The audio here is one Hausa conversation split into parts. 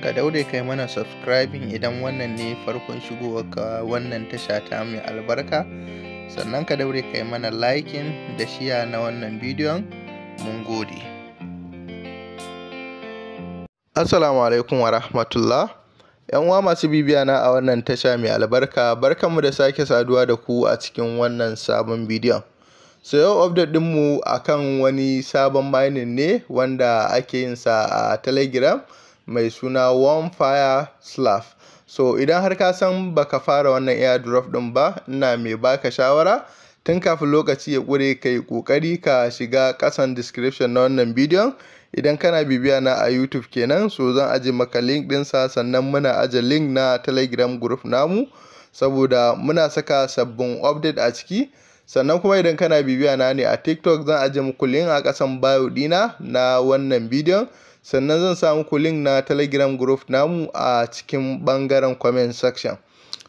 ka daure kai mana subscribing idan wannan ne farkon ka wannan tasha ta mai albarka sannan ka daure kai mana liking da shiya na wannan bidiyon mun gode assalamu alaikum wa rahmatullah yan uwa masu bibiya na a wannan tasha mai albarka barkanmu da sake saduwa da ku a cikin wannan sabon bidiyon so yau update dinmu akan wani sabon mining ne wanda ake yin sa a telegram mai suna Warm Fire slav So idan har ka san baka fara wannan airdrop ɗin ba, ina mai baka shawara tun kafin lokaci ya kure Kai yi ƙoƙari ka shiga ƙasan description na wannan bidiyon. Idan kana bibiya na a YouTube kenan, so zan aje maka link sa sannan muna aje link na Telegram group namu saboda muna saka sabbin update a ciki. sannan kuma idan kana bibiya na ne a tiktok zan aje muku link a kasan bio dina na wannan bidiyon sannan zan sa muku link na telegram group namu a cikin bangaren comment section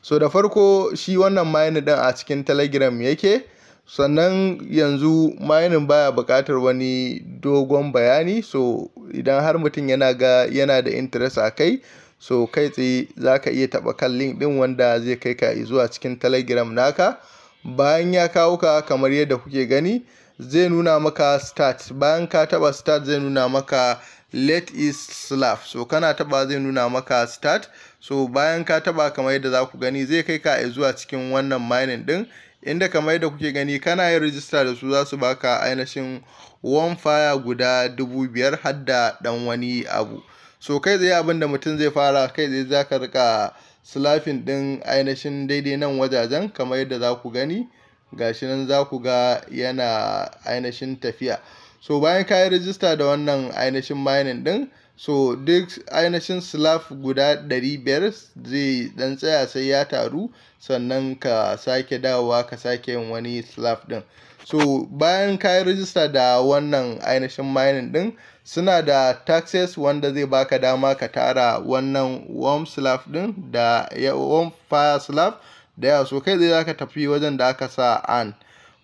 so da farko shi wannan mining din a cikin telegram yake sannan yanzu mining baya bukatar wani dogon bayani so idan har mutum yana ga yana da interest a kai so kai tsaye za ka iya taɓa kan link ɗin wanda zai kai ka zuwa cikin telegram naka bayan ya kawo ka kamar yadda kuke gani zai nuna maka start bayan ka taba start zai nuna maka let is slav so kana taba zai nuna maka start so bayan ka taba kamar yadda za ku gani zai kai ka zuwa cikin wannan mining din inda kamar yadda kuke gani kana yin rijista da su za su baka ainihin one fire guda dubu biyar har dan wani abu so kai zai abin da mutum zai fara kai zai za ka rika slafin din ainihin daidai nan wajajen kamar yadda za ku gani gashi nan za ku ga yana ainihin tafiya so bayan ka yi rijista da wannan ainihin mining din so duk ainihin silaf guda 500 zai dan tsaya sai ya taru sannan ka sake dawowa ka sake yin wani silaf ɗin so bayan ka yi rijista da wannan ainihin mining din suna da taxes wanda zai baka dama ka tara wannan warm slab din da warm fire slab da yawa so kai zai zaka tafi wajen da aka sa an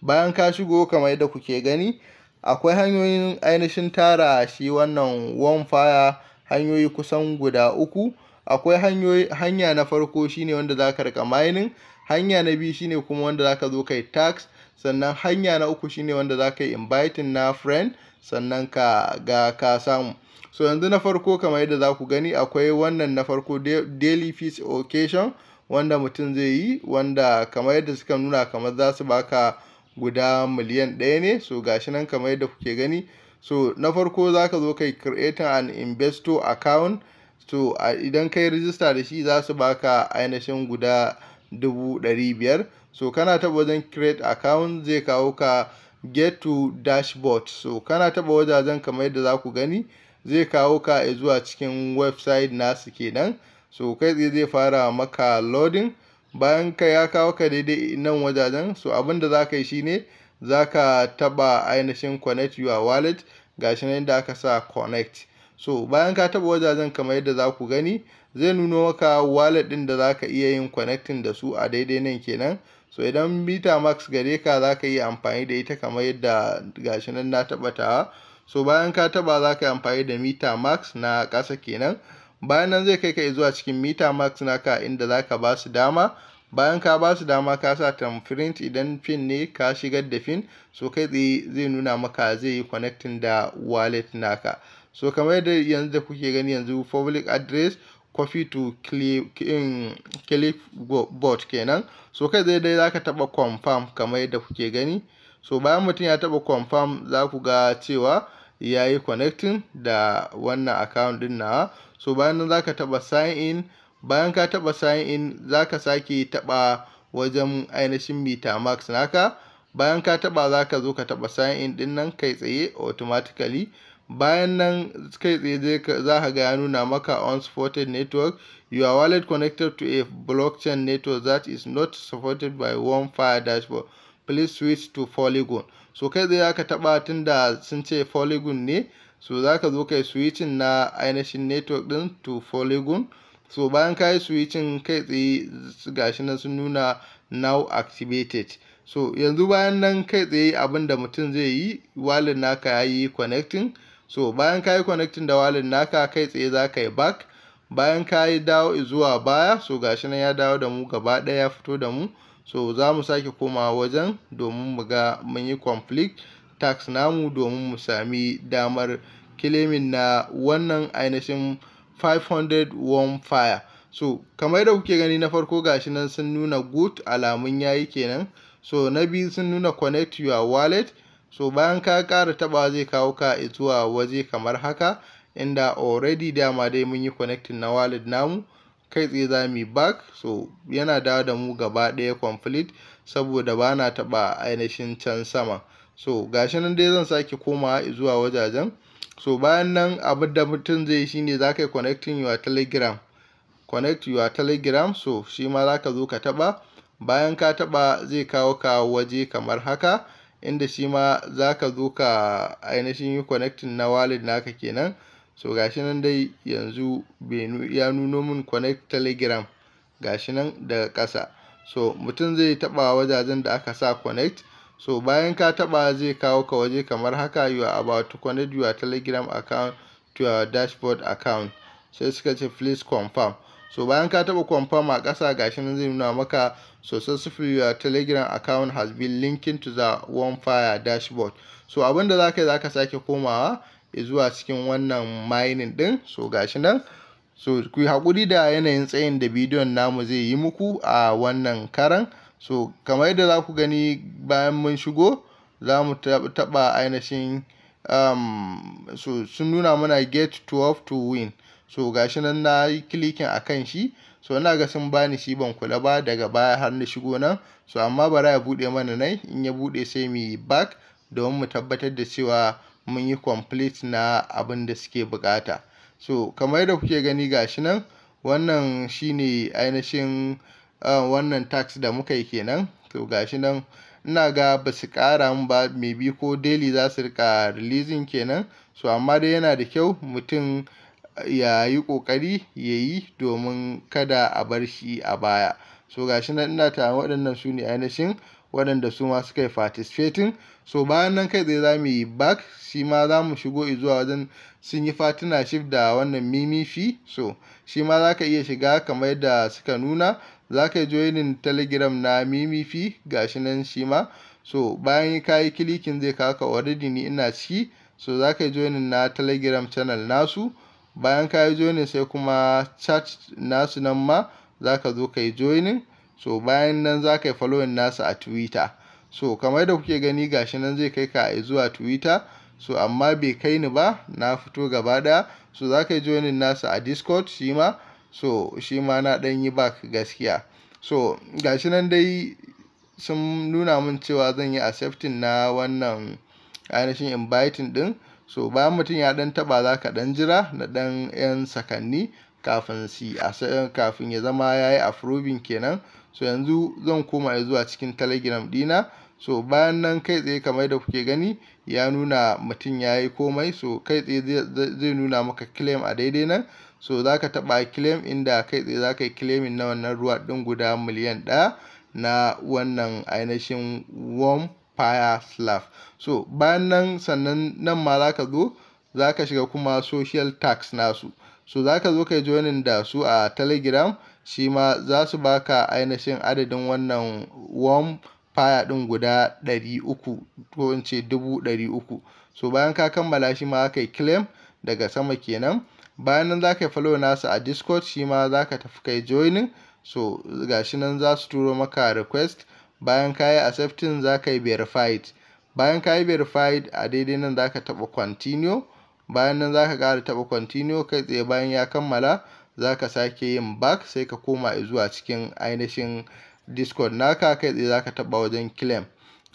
bayan ka shigo kamar yadda kuke gani akwai hanyoyin ainihin tara shi wannan warm fire hanyoyi kusan guda uku akwai hanya na farko shine wanda zaka rika mining hanya na biyu shine kuma wanda zaka zo kai tax sannan hanya na uku shine wanda zaka yi inviting na friend sannan ka ga ka samu so yanzu na farko kamar yadda za ku gani akwai wannan na farko daily fees occasion wanda mutum zai yi wanda kamar yadda suka nuna kamar za su baka guda miliyan ɗaya ne so gashi nan kamar yadda kuke gani so na farko za ka zo kai creating an investor account so idan kai register da shi za su baka ainihin guda dubu ɗari biyar so kana taɓa wajen create account zai kawo ka get to dashboard so kana taɓa wajajen kamar yadda za ku gani zai kawo ka zuwa cikin website nasu kenan so kai tsaye zai fara maka loading bayan ka ya kawo ka daidai nan wajajen so abin da za ka yi shine za ka taɓa ainihin connect your wallet gashi nan da aka sa connect so bayan ka taba wajajen kamar yadda za ku gani zai nuno maka wallet din da za ka iya yin connecting da su a daidai nan kenan so idan max gare ka za ka yi amfani da ita kamar yadda gashi nan na taba tawa. so bayan ka taba za ka yi amfani da mita max na ƙasa kenan bayan nan zai kai ka zuwa cikin mita metamax naka inda za ka ba su dama bayan ka ba su dama ka sa tamprint idan pin ne ka shigar da pin so kai tsaye zai nuna maka zai yi connecting da wallet naka so kamar yadda yanzu da kuke gani yanzu public address coffee to clipboard kenan so kai zai dai zaka taba confirm kamar yadda kuke gani so bayan mutum ya taba confirm za ku ga cewa ya yi connecting da wannan account din nawa so bayan nan zaka taba sign in bayan ka taba sign in zaka sake taba wajen ainihin mita max naka bayan ka taba zaka zo ka taba sign in din nan kai tsaye automatically bayan nan kai tsaye za ka ga ya nuna maka on unsupported network your wallet connected to a blockchain network that is not supported by one fire dashboard please switch to polygon so kai tsaye za ka taba da sun ce polygon ne so za ka zo kai switching na ainihin network din to polygon so bayan ka yi switching kai tsaye gashi nan sun nuna now activated so yanzu bayan nan kai tsaye abinda mutum zai yi wallet naka ya yi connecting so bayan ka yi connecting da wallet naka kai tsaye za ka yi back bayan ka yi dawo zuwa baya so gashi nan ya dawo da mu gaba ɗaya ya fito da mu so za mu sake komawa wajen domin mu ga mun yi conflict tax namu domin mu sami damar kilimin na wannan ainihin 500 warm fire so kamar da kuke gani na farko gashi nan sun nuna good alamun yayi kenan so na biyu sun nuna connect your wallet so bayan ka kara taba zai kawo ka zuwa waje kamar haka inda already dama dai mun yi connecting na wallet namu kai tsaye za mu back so yana dawo da mu gaba ɗaya complete saboda ba na taɓa ainihin can sama so gashi nan dai zan sake komawa zuwa wajajen so bayan nan abin da mutum zai shine za ka yi connecting your telegram connect your telegram so shi ma za zo ka taɓa bayan ka taɓa zai kawo ka waje kamar haka inda shi ma za ka zo ka ainihin yi connecting na wallet naka kenan so gashi nan dai yanzu ya nuno min connect telegram gashi nan daga ƙasa so mutum zai taɓa wajajen da aka sa connect so bayan ka taɓa zai kawo ka waje kamar haka you are about to connect your telegram account to your dashboard account sai suka ce please confirm so bayan ka taɓa confirm a ƙasa gashi nan zai nuna maka successfully your uh, telegram account has been linking to the onefire dashboard so abinda za ka yi za ka sake komawa zuwa cikin wannan mining din so gashi nan so ku haƙuri da yanayin tsayin da bidiyon namu zai yi muku a wannan karan so kamar yadda za ku gani bayan mun shigo za mu taɓa ainihin um, so sun nuna mana get 12 to win so gashi nan na yi clicking a kan shi so ina ga sun bani shi ban kula ba daga baya har na shigo nan so amma bara ya buɗe mana nan in ya buɗe sai mu yi back domin mu tabbatar da cewa mun yi complete na abin da suke bukata so kamar da kuke gani gashi nan wannan shine ainihin uh, wannan tax da muka yi kenan to gashi nan ina ga ba su ƙara min ba maybe ko daily za su rika releasing kenan so amma dai yana da kyau mutum ya yi ƙoƙari ya yi domin kada a bar shi a baya so ga shi nan ina tara waɗannan su ne ainihin waɗanda su ma suka yi participating so bayan nan kai tsaye za mu yi bak shi ma za mu shigo izuwa wajen sun yi shif da wannan mimifi so shi ma za ka iya shiga kamar yadda suka nuna za ka joinin telegram na mimifi shi nan shi ma so bayan ka yi kilikin zai kawo ka already ni ina ciki so za ka joinin na telegram channel nasu bayan ka yi joinin sai kuma chat nasu nan ma za ka zo ka yi joinin so bayan nan za ka yi following nasu a twitter so kamar da kuke gani gashi nan zai kai ka a zuwa twitter so amma bai kai ni ba na fito gaba daya so za ka yi joinin nasu a discord shi ma so shi ma na dan yi back gaskiya so gashi nan dai sun nuna min cewa zan yi accepting na wannan ainihin inviting din so bayan mutum ya ɗan taba za ka ɗan jira na ɗan 'yan sakanni kafin si kafin ya zama ya yi approving kenan so yanzu zan koma zuwa cikin telegram dina so bayan nan kai tsaye kamar da kuke gani ya nuna mutum ya yi komai so kai tsaye zai nuna maka claim a daidai nan so za ka taɓa claim inda kai tsaye za ka yi claiming na wannan ruwa ɗin guda miliyan ɗaya na wannan ainihin warm fire slav so bayan nan sannan nan ma za ka zo za ka shiga kuma social tax nasu so za ka zo ka joinin da su a telegram shi ma za su baka ainihin adadin wannan warm fire din guda 300 ko in ce 300 so bayan ka kammala shi ma ka yi claim daga sama kenan bayan nan za ka yi follow nasu a discord shi ma za ka tafi kai joinin so gashi nan za su turo maka request bayan ka yi accepting za ka yi verified bayan ka yi verified a daidai nan za ka taɓa continue bayan nan za ka ƙara taɓa continue kai tsaye bayan ya kammala za ka sake yin back sai ka koma zuwa cikin ainihin discord naka kai tsaye za ka taɓa wajen claim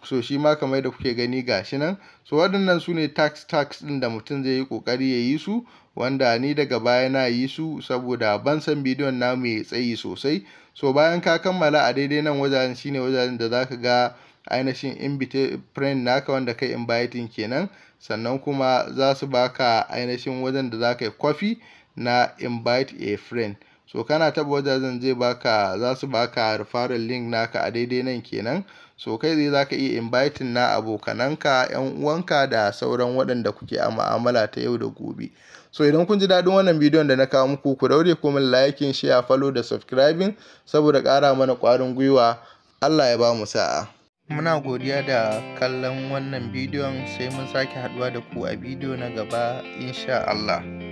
so shi ma kamar da kuke gani ga shi nan so waɗannan su ne tax tax ɗin da mutum zai yi ƙoƙari ya yi su wanda ni daga baya na yi su saboda ban san bidiyon na mai tsayi sosai so bayan ka kammala a daidai nan wajen shine wajen da zaka ga ainihin invite friend naka wanda kai inviting kenan sannan kuma za su baka ainihin wajen da zaka yi kwafi na invite a friend so kana taba wajen zai baka za su baka referral link naka a daidai nan kenan so kai zai zaka iya inviting na abokananka yan uwanka da sauran waɗanda kuke a ma'amala ta yau da gobe so idan kun ji daɗin wannan bidiyon da na kawo muku ku daure ko min like share follow da subscribing saboda ƙara mana ƙwarin gwiwa Allah ya ba mu sa'a muna godiya da kallon wannan bidiyon sai mun sake haɗuwa da ku a bidiyo na gaba insha Allah